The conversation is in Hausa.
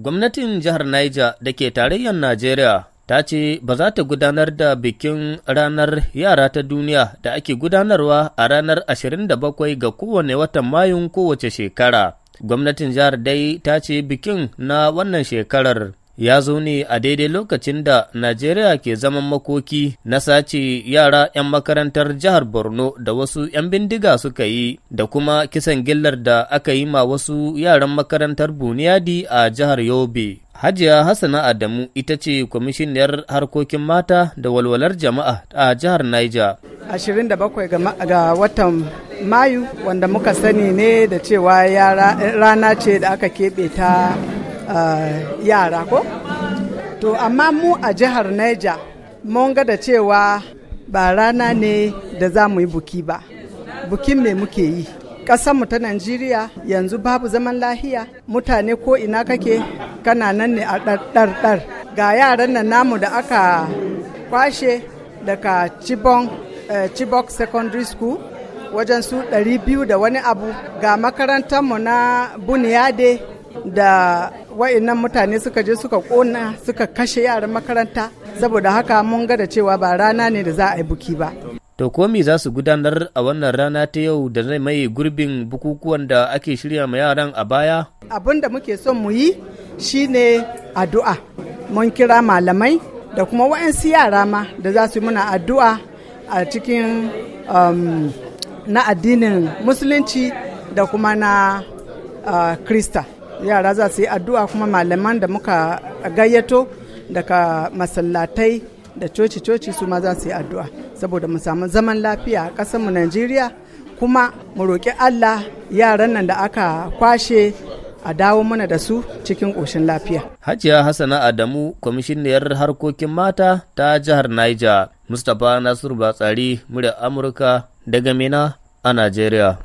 Gwamnatin jihar Niger da ke tarayyar Najeriya ta ce ba za ta gudanar da bikin ranar yara ta duniya da ake gudanarwa a ranar 27 ga kowane watan Mayun kowace shekara. Gwamnatin jihar dai ta ce bikin na wannan shekarar ya zo ne a daidai lokacin da Najeriya ke zaman makoki na sace yara 'yan makarantar jihar Borno da wasu 'yan bindiga suka yi da kuma kisan gillar da aka yi ma wasu yaran makarantar Buniyadi a jihar Yobe. Hajiya Hassana Adamu ita ce kwamishiniyar harkokin mata da walwalar jama'a a jihar Niger. 27 ga watan Mayu wanda muka sani ne da cewa rana ce da aka keɓe ta Uh, yara ko to amma mu a jihar niger mun ga da cewa ba rana ne da za mu yi buki ba bukin me muke yi mu ta Najeriya yanzu babu zaman lahiya mutane ko ina kake kana nan ne a ɗarɗar ga yaran nan namu da aka kwashe daga Chibok eh, Secondary School wajen su 200 da wani abu ga makarantar mu na Buniyade da wa'annan mutane suka je suka kona suka kashe yaran makaranta saboda haka mun ga da cewa ba rana ne da za a yi buki ba to komi za su gudanar a wannan rana ta yau da zai mai gurbin bukukuwan da ake shirya ma yaran a baya abin da muke son mu yi shine addu'a mun kira malamai da kuma wa'ansu yara ma da za su yi muna addu'a a cikin um, na addinin musulunci da kuma na uh, krista yara za su yi addu'a kuma malaman da muka gayyato daga masallatai da coci-coci su ma za su yi addu'a saboda mu samu zaman lafiya a mu najeriya kuma mu roƙi allah yaran nan da aka kwashe a dawo mana da su cikin ƙoshin lafiya. Hajiya Hassana Adamu, kwamishiniyar harkokin mata ta jihar Niger, Mustapha Nasiru Batsari, murya Amurka daga Mina a Najeriya.